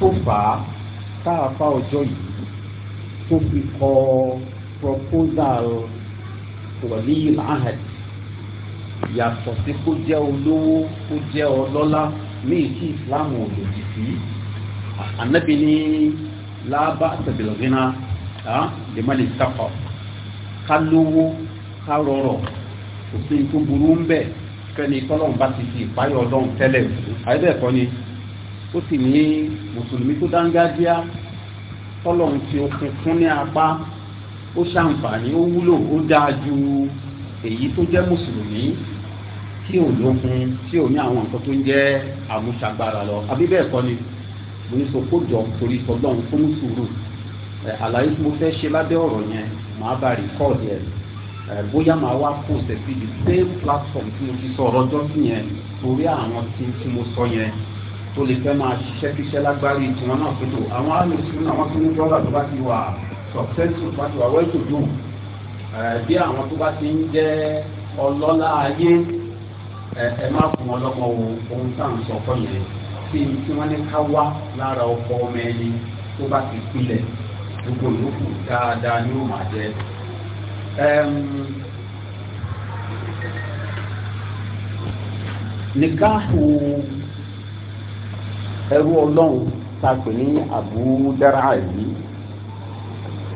tó fà á táàfà ọjọ́ yìí tó fi kọ proposal wọlé ìlànàd yàtọ̀ sí kó jẹ́ olówó kó jẹ́ ọlọ́lá míì tí islam ò lòdì sí anabi ní lábá tẹ̀bìlọ́gínà lèmọ́lì sáfọ̀ ká lówó ká rọrọ̀ kò sí ní tó burú ń bẹ̀ fẹ́ni kọ́lọ́n bá ti fi ìpáyọ̀ ọlọ́run tẹ́lẹ̀ àyẹ́bẹ̀ẹ́kọ́ ni ó sì ní mùsùlùmí tó dángájíá tọ́lọ́run tí ó fún fún ní apá ó ṣàǹfààní ó wúlò ó dáa ju èyí tó jẹ́ mùsùlùmí tí ò lókun tí ò ní àwọn nǹkan tó ń jẹ́ àmúṣagbára lọ àbí bẹ́ẹ̀ ni mo ní so kó jọ torí tọ́lọ́run fún sùúrù àlàyé tí mo fẹ́ ṣe lábẹ́ ọ̀rọ̀ yẹn màá bá rìkọ́ọ̀dì ẹ̀ bóyá màá wá post sí the same platform tí mo ti sọ ọ̀rọ̀ ọjọ́ sí yẹn torí àwọn tí mo sọ yẹn tó lè fẹ́ máa ṣiṣẹ́ kíṣẹ́ lágbárí tiwọn náà fún tó àwọn alùsùn náà wọ́n tún ní dọ́là tó bá ti wà successful tó bá ti wà well to do eh, bí àwọn tó bá ti ń jẹ́ ọlọ́lá ayé eh, ẹ má fún wọn lọ́mọ ohun tá à ń sọ fọ́ yẹn tí tí wọ́n ní ká wá lára ọkọ ọmọ ẹni tó bá ti pilẹ̀ gbogbo ìlókù dáadáa ni ó máa jẹ. nìkan kò ẹrú ọlọ́run ta pè ní Abu Dar'a yìí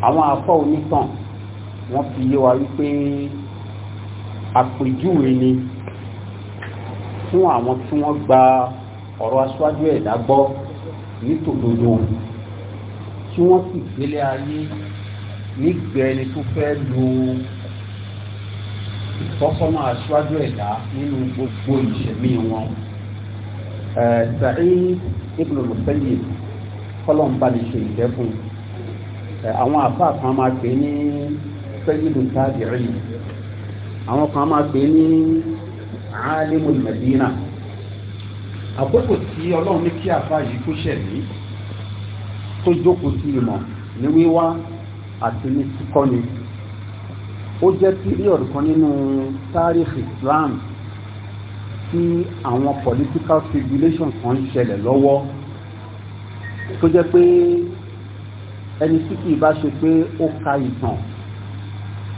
àwọn afọ onítàn wọ́n fi yé wa wípé àpèjúwe ni fún àwọn tí wọ́n gba ọ̀rọ̀ aṣáájú ẹ̀dá gbọ́ nítòdodo tí wọ́n sì gbélé ayé nígbẹ́ ẹni tó fẹ́ lo ìtọ́sọ́nà aṣáájú ẹ̀dá nínú gbogbo ìṣẹ̀mí wọn. Sa'id ibùdó mùsẹ́yì kọ́lọ́mbà ní ṣe ìdẹ́kùn àwọn àfa kan máa pè ní sẹ́yìdù tábìrì àwọn kan máa pè ní alimu medina àkókò tí ọlọ́run ní kí àfa yìí kó ṣẹ̀lí tó jókòó sí ìmọ̀ ní wíwá àti ní kíkọ́ni ó jẹ́ píríọ̀dù kan nínú tárìkì Islam tí àwọn political tribulations kan ń ṣẹlẹ̀ lọ́wọ́ tó jẹ́ pé ẹni tí kìí bá ṣe pé ó ka ìtàn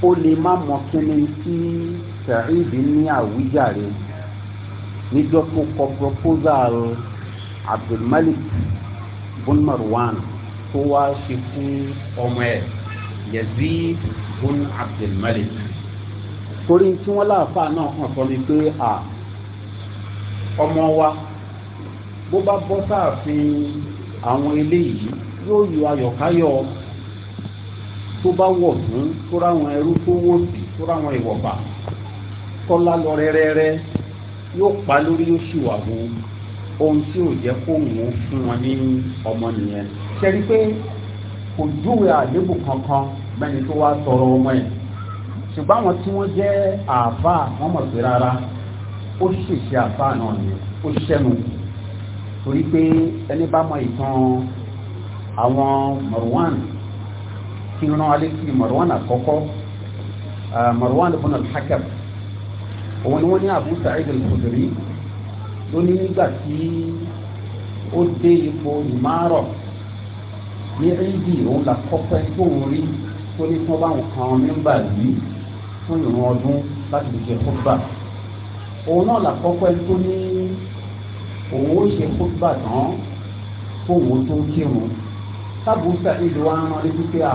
ó lè má mọ kíni tí sẹ̀ríìdì ní àwíjàre níjọ́ tó kọ proposal Abdulmalik bun Marwan tó wá ṣe fún ọmọ ẹ̀ Yazid bun Abdulmalik torí tí wọ́n láàfáà náà hàn sọ ni pé à. Ah, ọmọ wa bó bá bọ́ sáàfin àwọn eléyìí yóò yọ ayọ̀káyọ̀ tó bá wọ̀ fún tó ráwọn ẹrú tó wò sí tó ráwọn ìwọ̀bà tọ́lá lọ rẹ́rẹ́rẹ́ yóò pa lórí yóò sì wà wò ohun tí ò jẹ́ kó wọ́n fún wọn ní ọmọ nìyẹn ṣẹ́rí pé kò júwe àlébù kankan bẹ́ni tó wá tọrọ ọmọ ẹ̀ ṣùgbọ́n àwọn tí wọ́n jẹ́ àáfàá wọ́n mọ̀ sí rárá ó ṣèṣe àbá náà ni ó ṣẹ́nu torí pé ẹni bá mọ ìtàn àwọn Marwan kí ran alẹ́ sí Marwan àkọ́kọ́ Marwan ibn al-Hakam òun ni wọ́n ní Abu Sa'id al-Khudri ló ní nígbà tí ó dé ipò ìmárọ̀ ní rídì òun là kọ́pẹ́ tóun rí tó ní tí wọ́n bá wọn kan mímbà yìí fún ìrún ọdún láti fi ṣe fún gbà òun náà làkọ́kọ́ ẹni tó ní òun ó ṣe kótóbà tán fóun tó kírun sábùúsà ìlú wa ń rántí pé à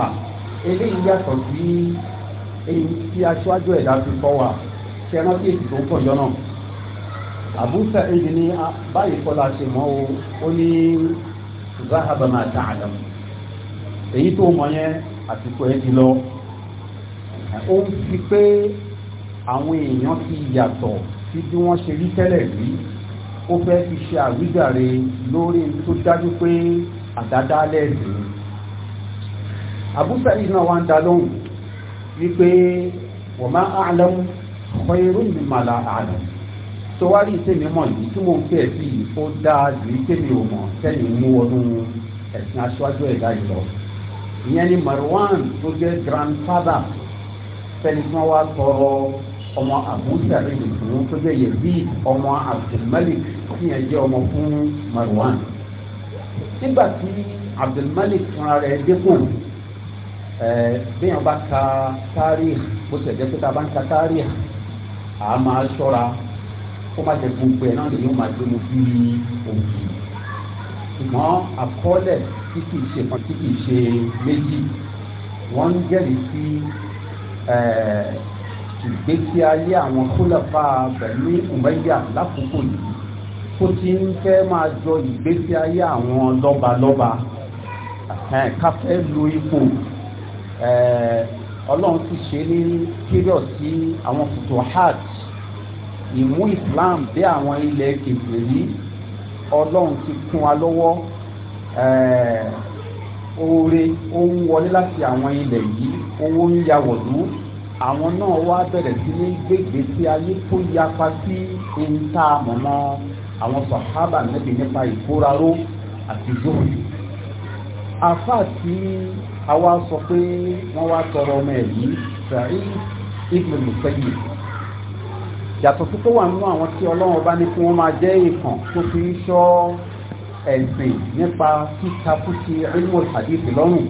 eléyìí yàtọ̀ sí èyí tí aṣáájú ẹ̀dá fi kọ́ wa ṣe rántí èsì tó ń pọ̀ yọ náà àbúsà èyí ní báyìí kọ́lá ṣe mọ́ o ó ní zahaba máa dá àdàm èyí tó mọ̀ yẹn àsìkò ẹ̀ ti lọ ó ń fi pé àwọn èèyàn ti yàtọ̀ sí bí wọ́n ṣe rí tẹ́lẹ̀ rí ó fẹ́ fi ṣe àwíjàre lórí tó dájú pé àdádálẹ̀ rèé àbúsàrí náà wá ń dá lóhùn wípé wọ́n máa àlọ́mù ọ̀pọ̀ irú mi máa la àlọ́ tó wá rí ìtẹ́mi mọ̀ yìí tí mo ń fẹ́ sí i ó dáa ju ìtẹ́mi ò mọ̀ sẹ́yìn mú ọdún ẹ̀sìn aṣáájú ẹ̀dá yìí ìyẹn ni Marwan tó jẹ́ grandfather fẹ́ni tí wọ́n wá sọ̀rọ̀ ọmọ abusa ẹni tó tó bẹ yẹ bí ọmọ abdulmalik tíyẹn jẹ ọmọ fún marwan nígbà tí abdulmalik fúnra rẹ̀ dépò bẹ́ẹ̀ bá ka tárìí bó ṣe jẹ́ pé tá a bá ń ka tárìí a máa ṣọ́ra kó má jẹ gbogbo ẹ̀ náà lè yóò máa gbé bí òkè ṣùgbọ́n àkọọ́lẹ̀ tí kìí ṣe kan tí kìí ṣe méjì wọ́n ń jẹ́rìí sí ìgbésí ayé àwọn kólọ́fà bẹ̀lú ìmọ̀yà lákòókò yìí tó ti ń fẹ́ máa jọ ìgbésí ayé àwọn lọ́balọ́ba káfẹ́ lu ipò ọlọ́run ti ṣe ní period sí àwọn futuhat ìmú Islam dé àwọn ilẹ̀ kèfèrí ọlọ́run ti kún wa lọ́wọ́ oore ó ń wọlé láti àwọn ilẹ̀ yìí owó ń ya wọ̀lú àwọn náà wá bẹ̀rẹ̀ sí ní gbègbè sí ayé tó yapa sí ohun tá a mọ̀ mọ́ àwọn sàhábà nẹ́bí nípa ìkóraró àti zoro afa tí àwa sọ pé wọ́n wá tọrọ ọmọ ẹ̀ yìí Sa'id ibn Musayyib yàtọ̀ sí tó wà nínú àwọn tí ọlọ́run bá ní kí wọ́n máa jẹ́ ìkàn tó fi ń ṣọ́ ẹ̀sìn nípa títa fúti ilmu hadith lọ́rùn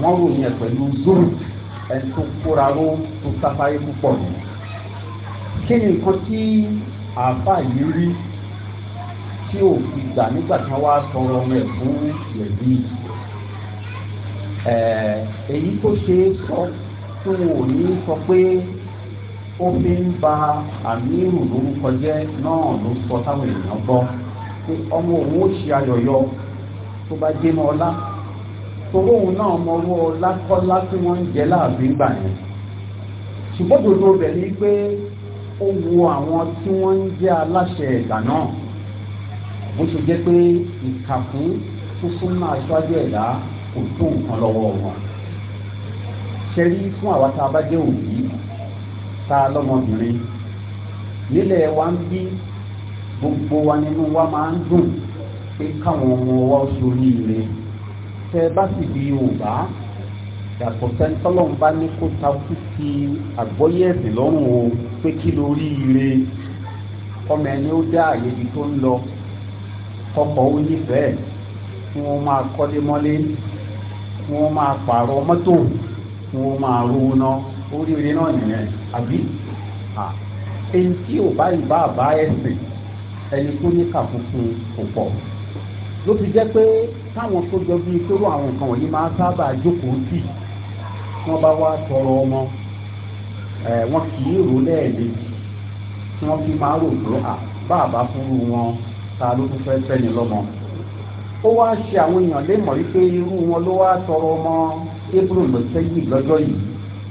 wọ́n ròyìn ẹ̀ pẹ̀lú zoro ẹni tó kóra ró tó sáfáyé púpọ̀ nù kí ni nǹkan tí àáfà yìí rí tí ò fi gbà nígbà tí wọ́n wá sọ̀rọ̀ rẹ̀ fún yẹ̀bí èyí tó ṣe é sọ tí wọn ò ní sọ pé ó fi ń ba àmírù lórúkọ jẹ́ náà ló sọ táwọn èèyàn gbọ́ pé ọmọ òun ó ṣe ayọ̀yọ tó bá dé mọ́ ọlá torí òun náà mọ owó lákọ́lá tí wọ́n ń jẹ láàbí gbà yẹn ṣùgbọ́n dòdò rẹ̀ ni pé ó wo àwọn tí wọ́n ń jẹ́ aláṣẹ ẹ̀dá náà bó ṣe jẹ́ pé ìkàkùn fúnfún náà aṣáájú ẹ̀dá kò tó nǹkan lọ́wọ́ wọn ṣe rí fún àwa tá a bá jẹ́ òbí ta lọ́mọbìnrin nílẹ̀ wa ń bí gbogbo wa nínú wa máa ń dùn pé káwọn ọmọ wa ó sorí ire tẹ bá sì di yorùbá yàtọ̀ sẹ́ńtọ́lọ́n bá ní kó ta kú sí àgbọ́yé ẹ̀sìn lọ́rùn o pé kí lórí ire ọmọ ẹni ó dá àyè ibi tó ń lọ kọkọ̀ ó nífẹ̀ẹ́ kí wọ́n máa kọ́lé mọ́lé kí wọ́n máa pààrọ̀ mọ́tò kí wọ́n máa rówó ná oríire náà nìyẹn àbí ẹni tí ò bá ìbá àbá ẹ̀sìn ẹni tó ní kàfùkù kò pọ̀ ló fi jẹ́ pé táwọn tó jọ bíi pẹ̀lú àwọn nǹkan wọ̀nyí máa ń sábà jókòó sí wọ́n bá wá tọrọ ọmọ ẹ̀ wọ́n kì í rò lẹ́ẹ̀mejì tí wọ́n fi máa rò pé bàbá fúru wọn ta ló tún fẹ́ fẹ́ni lọ́mọ. ó wá ṣe àwọn èèyàn lè mọ̀ wípé irú wọn ló wá tọrọ ọmọ Abraham lọ́sẹ̀yìn lọ́jọ́ yìí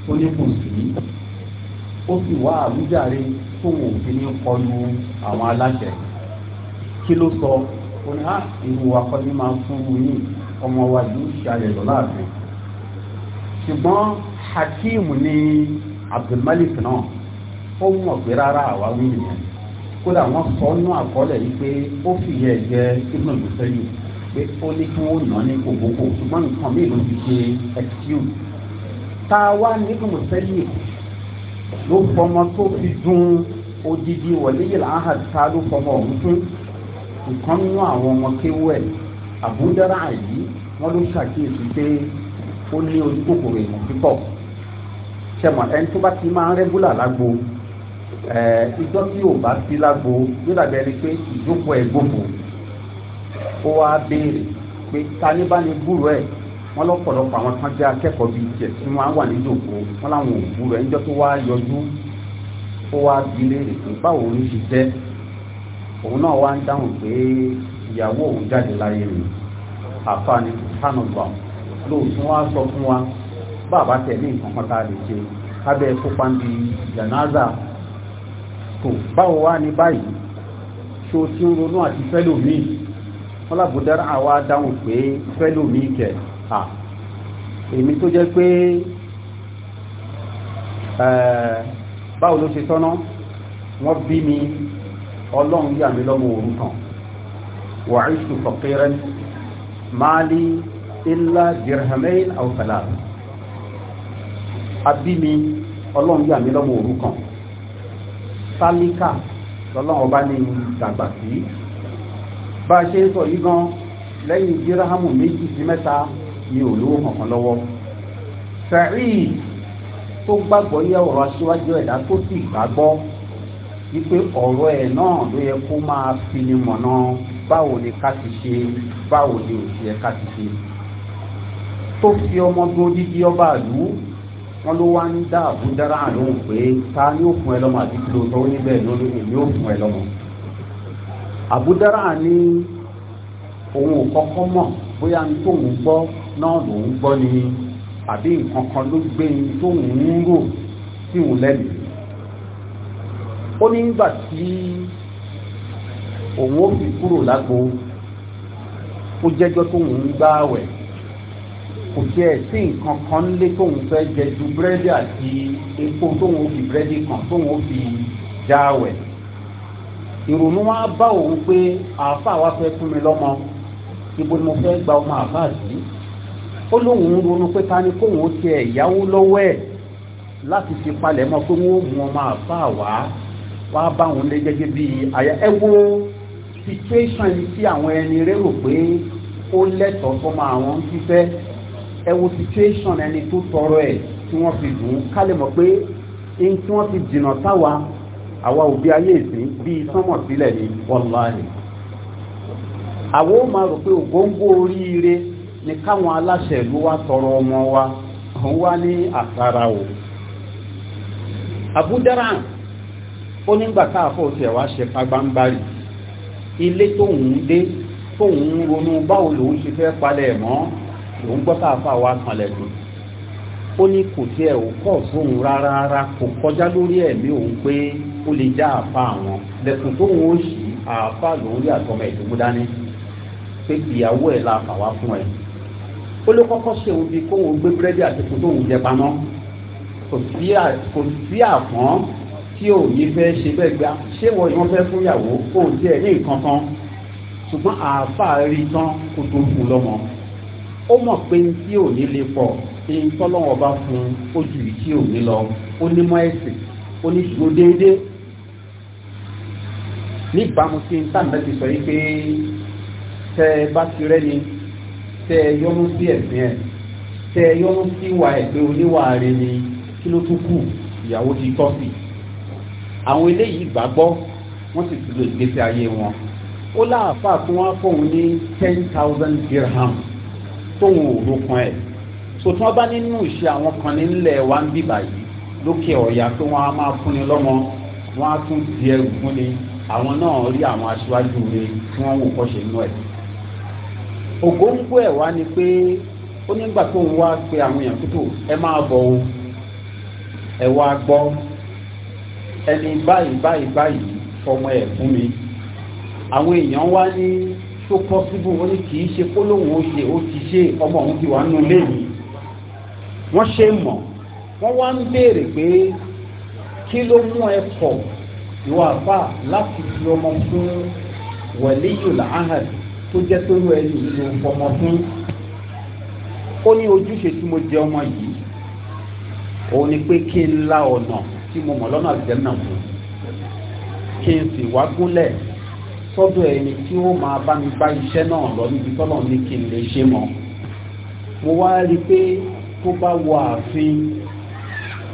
tó ní kù sí ó sì wá àwùjáre tóun ò fi ní kọlu àwọn aláṣẹ kí ló sọ ó ní á ìlú wa kọ́ ní máa fún un yìí ọmọ wa yìí ṣàlẹ̀ lọ láàfin ṣùgbọ́n hakeem ní abdulmalik náà ó mọ̀ pé rárá àwa wí nìyẹn kódà wọ́n sọ nú àkọọ́lẹ̀ yìí pé ó fìyà jẹ ibùdó ìgbésẹ́yìn pé ó ní kí wọ́n nà ní kòbókò ṣùgbọ́n nǹkan míì ló ti ṣe excuse tá a wá ní ibùdó ìgbésẹ́yìn ló fọmọ tó fi dun odidi wọ̀lẹ́yìn láhàtà ló fọmọ ọ̀hún fún ìkan nínú àwọn ọmọ kéwẹ̀ àbúdára yìí wọ́n ló ṣàkíyèsí pé ó ní ojú kòkòrò ìmọ̀ pípọ̀ ṣẹmọ ẹni tó bá ti máa ń rẹ́gúlà lágbo ìjọ tí ò bá sí lágbo yóò dàbí ẹni pé ìjókòó ẹ gbòòbò ó wá béèrè pé ta ní bá ní gbúrò ẹ wọn lọ́pọ̀lọpọ̀ àwọn kan jẹ akẹ́kọ̀ọ́ bíi tiẹ̀ tí wọn wà ní ìjókòó wọn làwọn ò gbúrò ẹ níjọ tó wá yọjú ó wá bí léèrè pé báwo ló ṣe jẹ́ òun náà wá ń dáhùn pé ìyàwó òun jáde láyé mi àfààní sànùgbà lóòtún wá sọ fún wa bàbá tẹ̀lé nǹkan kan tá a lè ṣe lábẹ́ kópa bí jànáza tó báwo wá ní báyìí ṣó tí ń ronú àti fẹ́lòmíì wọ́n lábùdára àwa dáhùn pé fẹ́lòmíì kẹ̀ à èmi tó jẹ́ pé báwo ló ṣe tọ́ná wọ́n bí mi ọlọ́run yà mí lọ́mọ òrukàn wàásù fọ̀kẹ́rẹ́ máàlì ilá dirhamain àwòkàlà abími ọlọ́run yà mí lọ́mọ òrukàn sálíkà lọ́lọ́run ọba ní dàgbà sí bá a ṣe ń sọ yìí gan lẹ́yìn díráhàmù méjì sí mẹ́ta ni olówó kankan lọ́wọ́ fẹ̀rí tó gbàgbọ́ yẹ ọ̀rọ̀ aṣíwájú ẹ̀dá tó sì gbàgbọ́ wípé ọ̀rọ̀ ẹ̀ náà ló yẹ kó máa fi ni mọ̀nà báwo ni ká ti ṣe báwo ni ò ti yẹ ká ti ṣe tó fi ọmọ bí odidi ọba àlú wọn ló wá ń dá àbújára àlóhùn pé ta ni ó fún ẹ lọ́mọ àti kí ló sọ ó níbẹ̀ lórí èmi ó fún ẹ lọ́mọ àbújára ni òun ò kọ́kọ́ mọ̀ bóyá ní tóun gbọ́ náà lòun gbọ́ ni àbí nǹkan kan ló gbé ní tóun ń rò sí òun lẹ́nu ó ní ìgbà tí òun ó fi kúrò lágbo ó jẹ́jọ́ tóun ń gbá àwẹ̀ kò tiẹ̀ sí nǹkan kan nílé tóun fẹ́ jẹ ju búrẹ́dì àti epo tóun ó fi búrẹ́dì kan tóun ó fi já àwẹ̀ ìrònú wa bá òun pé àáfàá wa fẹ́ fún mi lọ́mọ ibo ni mo fẹ́ gba ọmọ àáfàá sí ó lóun ń ronú pé ta ni kóun ó tiẹ̀ yáwó lọ́wọ́ ẹ̀ láti fi palẹ̀ mọ́ pé wọ́n mú ọmọ àáfàá wá wọ́n á bá wọn lé gẹ́gẹ́ bí àyà ẹ wo situation yìí tí àwọn ẹni rẹ rò pé ó lẹ́tọ̀ọ́ fọmọ àwọn ń ẹ wo situation ẹni tó tọrọ ẹ̀ tí wọ́n fi dùn ún ká lè mọ̀ pé ẹni tí wọ́n fi jìnnà táwa àwa òbí ayé ìsìn bíi sánmọ̀ sílẹ̀ ni wọ́láhì àwọn ó rò pé ògóńgó oríire ni káwọn aláṣẹ ìlú wa tọrọ ọmọ wa òun wá ní àkàrà o Abu ó nígbà káàfọ́ ti ẹ̀wà ṣe pagbáǹbarì ilé tóun dé tóun ronú báwo lòun ṣe fẹ́ palẹ̀ mọ́ lòun gbọ́ káàfọ́ àwa kanlẹ̀kùn ó ní kò tí ẹ̀ ò kọ́ fóun rárá rárá kò kọjá lórí ẹ̀mí òun pé ó lè já àfa àwọn lẹ́kùn tóun ó ṣì àfa lòun rí àtọmọ ìdúgbò dání pé ìyàwó ẹ̀ la fà wá fún ẹ ó ló kọ́kọ́ ṣe òun bíi kóun gbé búrẹ́dì àti kò tóun jẹ pamọ́ kò sí àfọ́n tí ò yí fẹ́ ṣe bẹ́ẹ̀ gbá ṣé wọ́n yí wọ́n fẹ́ fún ìyàwó kó o jẹ́ ní nǹkan kan ṣùgbọ́n àáfà rí tán kó tó fún lọ́mọ ó mọ̀ pé ní tí ò ní lè pọ̀ ṣe ń tọ́lọ́wọ́ bá fún ojú yìí tí ò ní lọ ó ní mọ́ ẹ̀sìn ó ní ṣùgbọ́n déédéé níbàámu sí táǹdà ti sọ yìí pé tẹ ẹ bá ti rẹ́ni tẹ ẹ yọ́nú sí ẹ̀sìn ẹ̀ tẹ ẹ yọ́nú sí ìwà ẹ̀ pé ni kí ló tún kù ìyàwó ti tọ́ sí i àwọn eléyìí gbàgbọ́ wọ́n sì ti lo ìgbésí ayé wọn ó láàfà tí wọ́n fóun ní ten thousand dirham tóun ò rókan ẹ̀ so tí wọ́n bá nínú ìṣe àwọn kan nílẹ̀ wa ń bíbà yìí lókè ọ̀yà pé wọ́n á máa fúnni lọ́mọ wọ́n á tún di ẹrù fúnni àwọn náà rí àwọn aṣáájú mi tí wọ́n wò kọ́ṣe inú ẹ̀ ògóńgbò ẹ̀ wá ni pé ó nígbà tó ń wá pé àwọn èèyàn tútù ẹ máa bọ̀ o ẹ wá gbọ́ ẹni báyìí báyìí báyìí fọmọ ẹ̀ fún mi àwọn èèyàn wá ní tó kọ́ síbú ó ní kìí ṣe kólóhùn ó ṣe ó ti ṣe ọmọ òun ti wà nínú ilé yìí wọ́n ṣe mọ̀ wọ́n wá ń béèrè pé kí ló mú ẹ pọ̀ ìwọ àfà láti fi ọmọ fún wẹ̀líyù làáhàd tó jẹ́ tó rú ẹni ìlú ọmọ fún ó ní ojúṣe tí mo jẹ ọmọ yìí òun ni pé kí n la ọ̀nà tí mo mọ̀ lọ́nà àlùjànnà fún kí n sì wá gúnlẹ̀ sọ́dọ̀ ẹni tí ó máa bá mi bá iṣẹ́ náà lọ níbi tọ́lọ̀ ní kí n lè ṣe mọ́ mo wá rí i pé tó bá wọ ààfin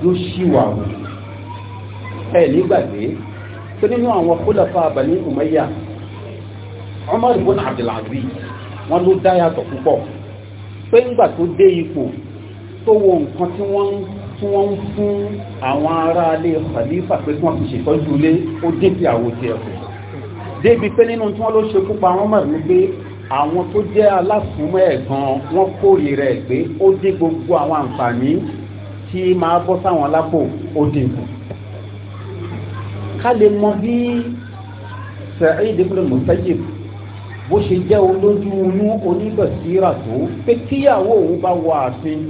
yóò ṣìwà wò ẹ nígbàgbé tó nínú àwọn kólàfà Bani Umayya Umar ibn Abdul Aziz wọn ló dá yàtọ̀ púpọ̀ pé ńgbà tó dé ipò tó wo nǹkan tí wọ́n ń tí wọ́n ń fún àwọn ará ilé khalifa pé kí wọ́n fi ṣètọ́jú lé ó débi àwò ti ẹ̀kọ́ débi pé nínú tí wọ́n ló ṣe kópa wọn mọ̀ ní pé àwọn tó jẹ́ aláfúnmọ́ ẹ̀gan wọ́n kórè rẹ̀ pé ó dé gbogbo àwọn àǹfààní tí máa bọ́ sáwọn lápò ó dé kù ká lè mọ bí Sa'id ibn Musayyib bó ṣe jẹ́ olójú inú onígbàsíra tó pé tíyàwó òun bá wọ ààfin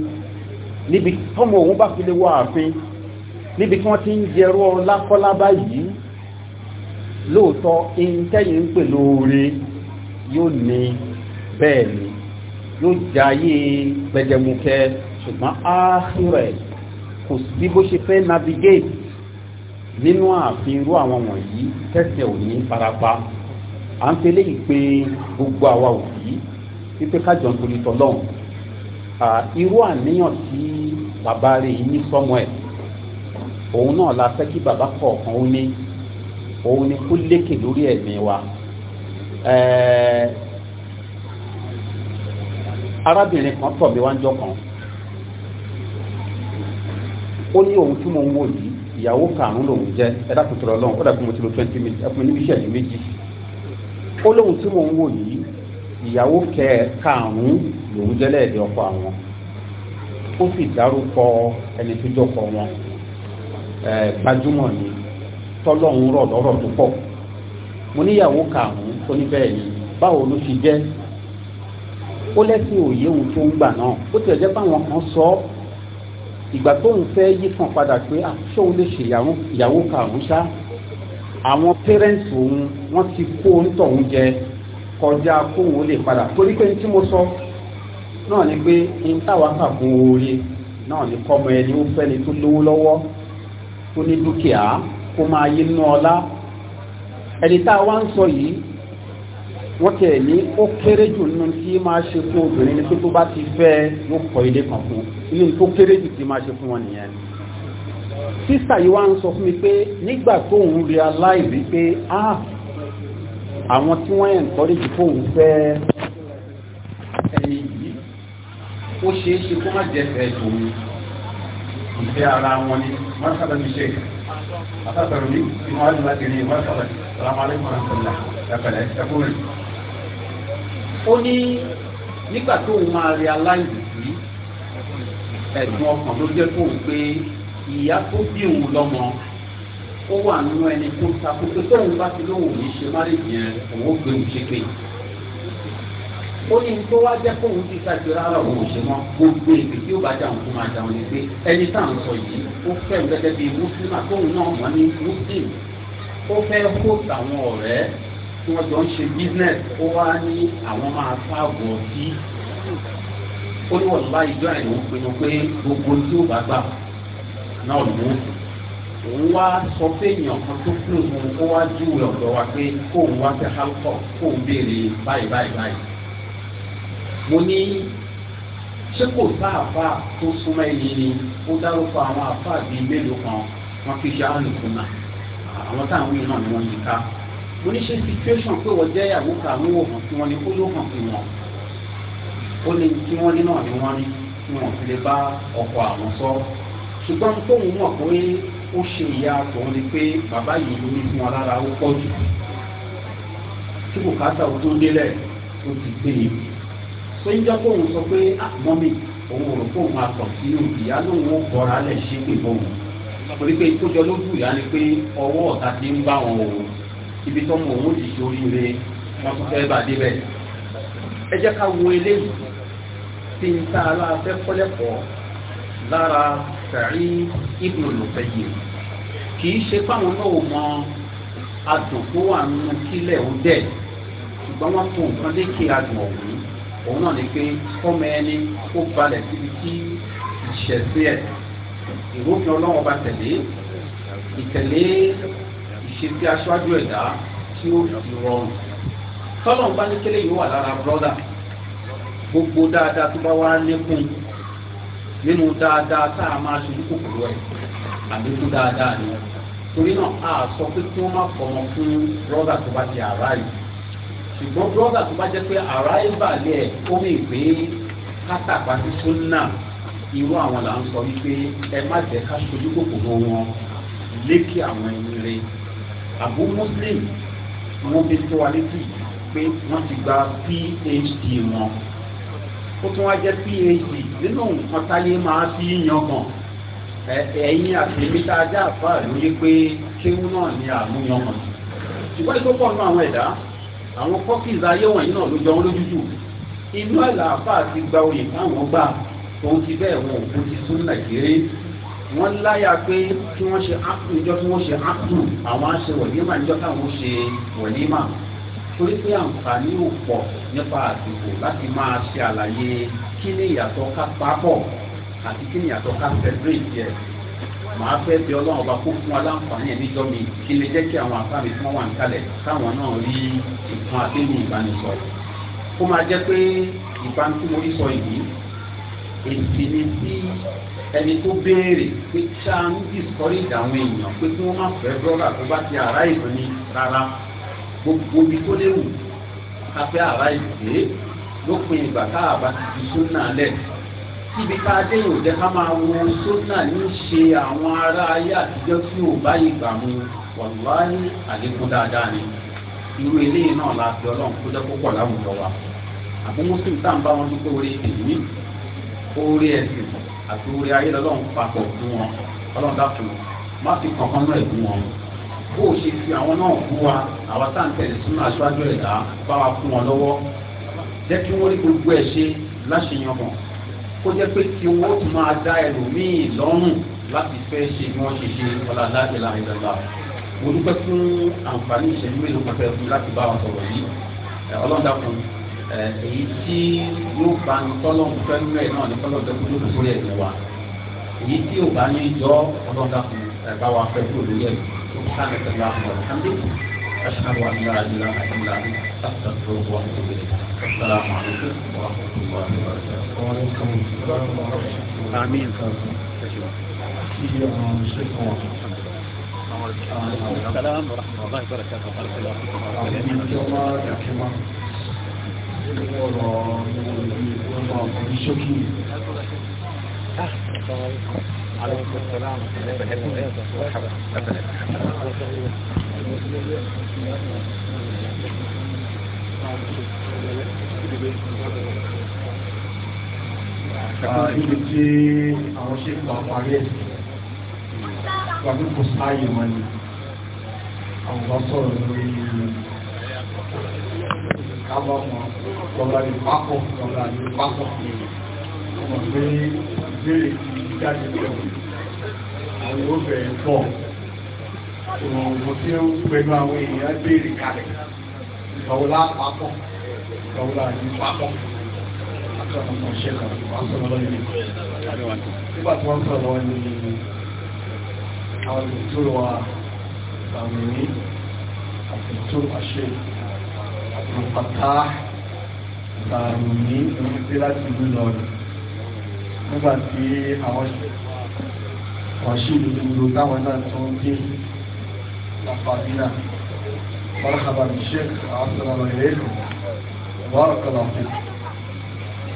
níbi tọ́mọ òun bá fi lè wọ ààfin níbi tí wọ́n ti ń jẹrọ lákọ́lá báyìí lóòótọ́ ìntẹ́yìn ń pè lóore yóò ní bẹ́ẹ̀ ni yóò jáyé gbẹdẹmukẹ ṣùgbọ́n áhìrẹ̀ kò sí bí bó ṣe fẹ́ navigate nínú ààfin irú àwọn wọ̀nyí tẹ̀sẹ̀ ò ní farapa à ń tẹ́lẹ̀ ìpè gbogbo àwa òbí wípé kájọ ń torí tọ́lọ́hùn irú àníyàn tí bàbá rẹ̀ yìí ní sọ́mọ ẹ̀ òun náà la fẹ́ kí bàbá kọ̀ọ̀kan ó ní òun ni kó lékè lórí ẹ̀mí wa arábìnrin kan tọ̀ mí wájọ́ kan ó ní ohun tí mo ń wò yìí ìyàwó karùn-ún lòun jẹ́ ẹ dákun tó lọ lọ́hùn ó dàbí mo ti lo twenty minutes ẹkùn níbi ìṣẹ̀lẹ̀ méjì ó lóhun tí mo ń wò yìí ìyàwó kẹ karùn lòun jẹ́ lẹ́ẹ̀dẹ́ ọkọ àwọn ó sì dárúkọ ẹni tó jọkọ wọn gbajúmọ̀ ni tọ́lọ́hún rọ̀ lọ́rọ̀ tó pọ̀ mo níyàwó karùn-ún tó ní bẹ́ẹ̀ ni báwo ló ṣe jẹ́ ó lẹ́sìn òye òun tó ń gbà náà ó ti ẹ̀jẹ̀ báwọn kan sọ ìgbà tó ń fẹ́ yí fún padà pé àṣọ́hun ah, lè ṣe ìyàwó karùn ṣá àwọn pẹ́rẹ́ǹtì òun wọ́n ti kó ń tọ̀hún jẹ kọjá kóhun ó lè padà torí pé tí mo sọ náà ni pé n táwa kà fún oore náà ni kọ́mọ ẹni ó fẹ́ni tó lówó lọ́wọ́ tó ní dúkìá kó máa yé nú ọlá ẹni tá a wá ń sọ yìí wọ́n tẹ̀ ní ó kéré jù nínú tí máa ṣe fún obìnrin ní tó bá ti fẹ́ yóò kọ́ ilé kan fún inú tó kéré jù tí máa ṣe fún wọn nìyẹn sísà yìí wá ń sọ fún mi pé nígbà tó ń realize wípé ah àwọn tí wọ́n encourage fóun fẹ́ ẹni ó ṣeé ṣe kó má jẹ́ fẹ́ tòun ìfẹ́ ara wọn ni wọ́n sábà ti ṣe àtàtàrò ní ìmọ̀ àdúrà ti rí wọ́n sábà ti sàlámàlẹ́ mọ̀ àtàlà ẹ̀pẹ̀lẹ̀ ẹ̀kúnrin. ó ní nígbà tó ń máa rí aláìsí sí ẹ̀dùn ọkàn ló jẹ́ fóun pé ìyá tó bí òun lọ́mọ ó wà nínú ẹni tó takò pé tóun bá ti lóun ò ní ṣe má lè jẹ òun ó gbé òun ṣe kéyìí ó ní tó wá jẹ́ kó òun ti ṣáájú rárá òun ò ṣe mọ́ gbogbo èdè tí ó bá dáhùn tó máa dáhùn ni pé ẹni tá à ń sọ yìí ó fẹ́ gẹ́gẹ́ bíi mùsùlùmá tóun náà wọ́n ní muslim ó fẹ́ kó àwọn ọ̀rẹ́ tí wọ́n jọ ń ṣe business ó wá ní àwọn máa fáàgọ̀ sí ó ní wọ̀nyí báyìí jọ àìní òun pinnu pé gbogbo tí ó bá gbà náà ló òun wá sọ pé èèyàn kan tó kúrò fún un ó wá júwèé ọ̀dọ̀ wa pé kóun wá fẹ́ hálùkọ̀ kóun béèrè báyìí báyìí báyìí mo ní ṣé kò sá àfa tó súnmọ́ ẹni ni ó dárúkọ àwọn àfa bíi mélòó kan wọn kì í ṣe àlùkùnà àwọn táwọn yìí náà ni wọ́n yí ká mo ní ṣe situation pé wọ́n jẹ́ ìyàwó kan àwọn òhàn tí wọ́n ní kó ló hàn sí wọn ó ní tí wọ́n ní náà ni wọ́n ní tí wọ́n fi lè bá ọkọ àwọn sọ ṣùgbọ́n tóun mọ̀ pé ó ṣe ìyá tòun ni pé bàbá yìí ló ní fún wọn lára ó pọ̀ jù tí bùkátà ó tó délẹ̀ ó ti gbé yìí. E tó ń jọ́ kóun sọ pé ah, mọ́mí òun ò rò kóun máa tọ̀ sínú ìyá lóun ó bọ̀ra lẹ̀ ṣe pé bóun torí pé tó jọ lójú ìyá ni pé ọwọ́ ọ̀tá ti ń bá wọn òun ibi tó mọ òun ti ṣe oríire wọn tún fẹ́ bá débẹ̀ ẹ jẹ́ ká wo eléyìí tí ń tá ara fẹ́ kọ́lẹ́kọ̀ọ́ lára sàrí ibùdó lọ́fẹ́ yìí kì í ṣe fáwọn náà mọ adùn tó wà kílẹ̀ ó dẹ̀ ṣùgbọ́n wọ́n tó nǹkan lékè adùn ọ̀hún òun náà ni pé ọmọ ẹni ó balẹ̀ síbi tí ìṣẹ̀sí ẹ̀ ìrókè ọlọ́run ọba tẹ̀lé ìtẹ̀lé ìṣesí aṣáájú ẹ̀dá tí ó fi rọrùn tọ́lọ̀ bá ní kélé yìí wà lára brọ́dà gbogbo dáadáa tó bá wá lékún nínú dáadáa tá a máa ṣojú kòkòrò ẹ̀ àlékún dáadáa ni torí náà a sọ pé kí wọ́n má fọmọ fún brọ́dà tó bá ti àárá yìí ṣùgbọ́n brọ́dà tó bá jẹ́ pé àráìbà lẹ̀ ó lè gbé kátàpá sí súnà irú àwọn là ń sọ wípé ẹ má jẹ́ ká ṣojú kòkòrò wọn lékè àwọn ẹni rẹ̀ àbú muslim wọ́n fi tó wa létí pé wọ́n ti gba phd wọn ó tún wá jẹ́ phd nínú nǹkan táyé máa fi yan gan ẹ̀yin àtẹ̀mí tá a dá àfáà lóye pé kéwú náà ni àmúyan gan ṣùgbọ́n ìtọ́pọ̀ nínú àwọn ẹ̀dá àwọn kọ́kìs ayé wọ̀nyí náà ló jọ wọn lójú jù inú àlàáfà ti gba oyè káwọn gbà òun ti bẹ́ẹ̀ wọn òun ti sún nàìjíríà wọ́n láyà pé kí wọ́n ṣe ápù níjọ́ tí wọ́n ṣe ápù àwọn á ṣe wọ̀límà níjọ́ táwọn ṣe wọ̀límà torí pé àǹfààní ò pọ̀ nípa àsìkò láti máa ṣe àlàyé kí ni ìyàtọ̀ ká pápọ̀ àti kí ni ìyàtọ̀ ká celebrate yẹn màá fẹ́ bí ọlọ́run ọba kó fún aláǹfààní ẹ̀ níjọ́ mi kí lè jẹ́ kí àwọn afá mi tí wọ́n wà ń kalẹ̀ káwọn náà rí ìtàn àtẹ́yìn ìbánisọ̀rọ̀ kó máa jẹ́ pé ìbánisọ̀rọ̀ sọ yìí èsì ni sí ẹni tó béèrè pé ṣá ń discourage ìdàwọn èèyàn pé kí wọ́n má fẹ́ brọ́dà tó bá ti àrá ìlú ni rárá gbogbo ibi tó léwu ká fẹ́ ìlú dé lópin ìgbà káàbá ti fi sún náà lẹ́nu síbi tá a dé yóò jẹ́ ká máa wo sódà ní ṣe àwọn ará ayé àtijọ́ tí ò báyìí gbà mú wàlúwàlú àlékún dáadáa ni irú eléyìí náà la fi ọlọ́run kó jẹ́ púpọ̀ láwùjọ wa àbí muslim tá à ń bá wọn dúpẹ́ orí èmi orí ẹ̀sìn àti orí ayé lọ́lọ́run papọ̀ fún wọn ọlọ́run dákun má fi kankan náà ẹ̀dùn wọn bó o ṣe fi àwọn náà fún wa àwa tá à ń tẹ̀lé sínú aṣáájú ẹ̀dá bá wa fún wọn lọ́wọ́ jẹ́ kí wọ́n rí gbogbo ẹ̀ ṣe láṣeyàn kó jẹ́ pé tí owó tó máa dá ẹlòmíì lọ́rùn láti fẹ́ ṣe bí wọ́n ṣe ṣe ọ̀la láti la ìdàgbà mo dúpẹ́ fún àǹfààní ìṣẹ́jú mélòó kan fẹ́ fún láti bá wa sọ̀rọ̀ yìí ọlọ́dàkùn èyí tí yóò bá ní tọ́lọ́mù fẹ́nu rẹ̀ náà ní tọ́lọ́mù tó kúrò lórí ẹ̀jẹ̀ wa èyí tí yóò bá ní jọ ọlọ́dàkùn bá wa fẹ́ kúrò lórí ẹ̀jẹ̀ tó kánẹ̀ tẹ̀lé àwọn ọ̀rọ̀ أشهد أن لا إله إلا أنت أستغفرك وأتوب السلام عليكم ورحمة الله وبركاته وعليكم السلام ورحمة الله آمين السلام ورحمة الله وبركاته بارك الله فيكم الله يكرمك عليكم السلام Ibi tí àwọn ṣe gbà parí ẹ̀sìn, wàbí kò sáàyè wọn ni, àwọn bá sọ̀rọ̀ lórí kábàmọ̀ jáde lẹ́wọ̀n àwọn obìnrin pọ̀ ìrànwọ́ tí ó pẹ̀lú àwọn èèyàn béèrè kalẹ̀ ìgbàwọlá àpapọ̀ ìgbàwọlá àti pápọ̀ àtọ́nàmọ̀ ṣẹlẹ̀ wọ́n sọ̀rọ̀ lọ́yìn nígbà tí wọ́n sọ̀rọ̀ wọn ni àwọn ìtòrò wa àmìní àti ìtòrò àṣẹ àti ìpàtà àmìní ìrìnlẹ́ láti ìlú lọ́rùn مرحبا بالشيخ àwọn wàṣíìlú بارك الله فيك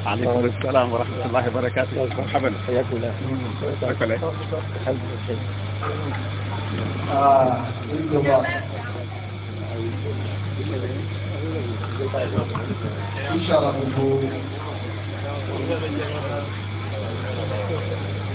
عليكم السلام ورحمة الله وبركاته مرحبا حياك الله حياك الله حياك الله آه إن شاء الله